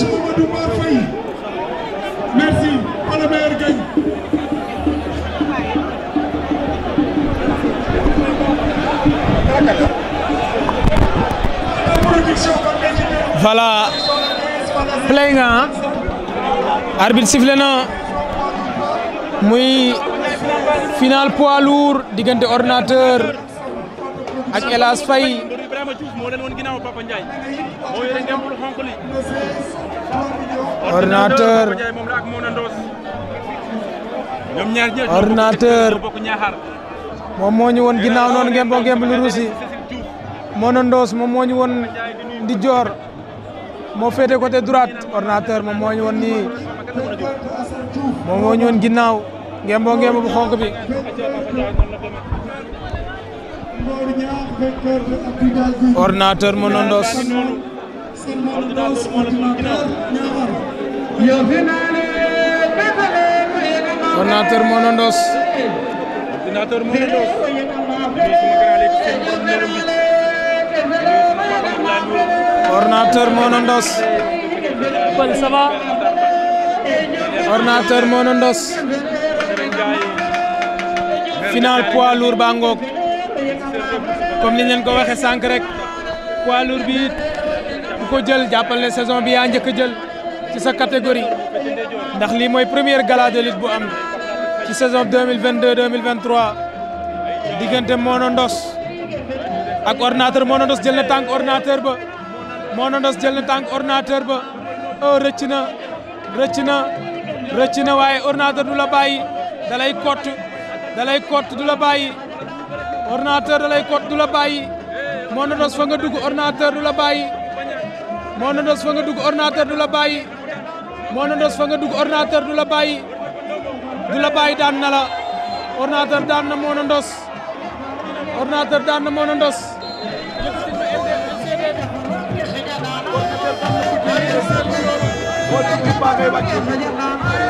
Elhadji Mamadou Mar diggante merci par le maire Gaye voilà play nga arbitre sifflé na muy final poids lourd diggante ordinateur ak Elhadji Faye ordinateur ordinateur moom moo ñu woon ginnaaw noonu ngeen boo ngeen lu rusi Ndoos moom moo ñu woon di joor moo féete côté droite ordinateur moom moo ñu woon nii moom moo ñu woon ginnaaw ngeen boo ngeen bu xonk bi ordinateur Mono Ndoos ordinateur Mono Ndoss ordinateur Mono Ndoss ordinateur Mono Ndoss pël ça ngoog comme ni leen ko waxe sànq rek poids lourd bi ko jël jàppal ne saison bi yaa njëkk jël ci sa catégorie ndax lii mooy première gala de lutte bu am ci saison 2022 2023 diggante Mono Ndoss ak ordinateur Mono Ndoss jël na tànk ordinateur ba Mono Ndoss jël na tànk ordinateur ba oh rëcc na rëcc na rëcc na waaye ordinateur du la bàyyi da lay kott da lay kott du la bàyyi ordinateur da lay kott du la bàyyi Mono Ndoss fa nga dugg ordinateur du la bàyyi na Ndoss fa nga dugg ordinateur du la bàyyi moo na Ndos fa nga dugg ordinateur du la bàyyi du la bàyyi daan na la ordinateur daan na Mono Ndos ordinateur daan na Mono Ndos Ndos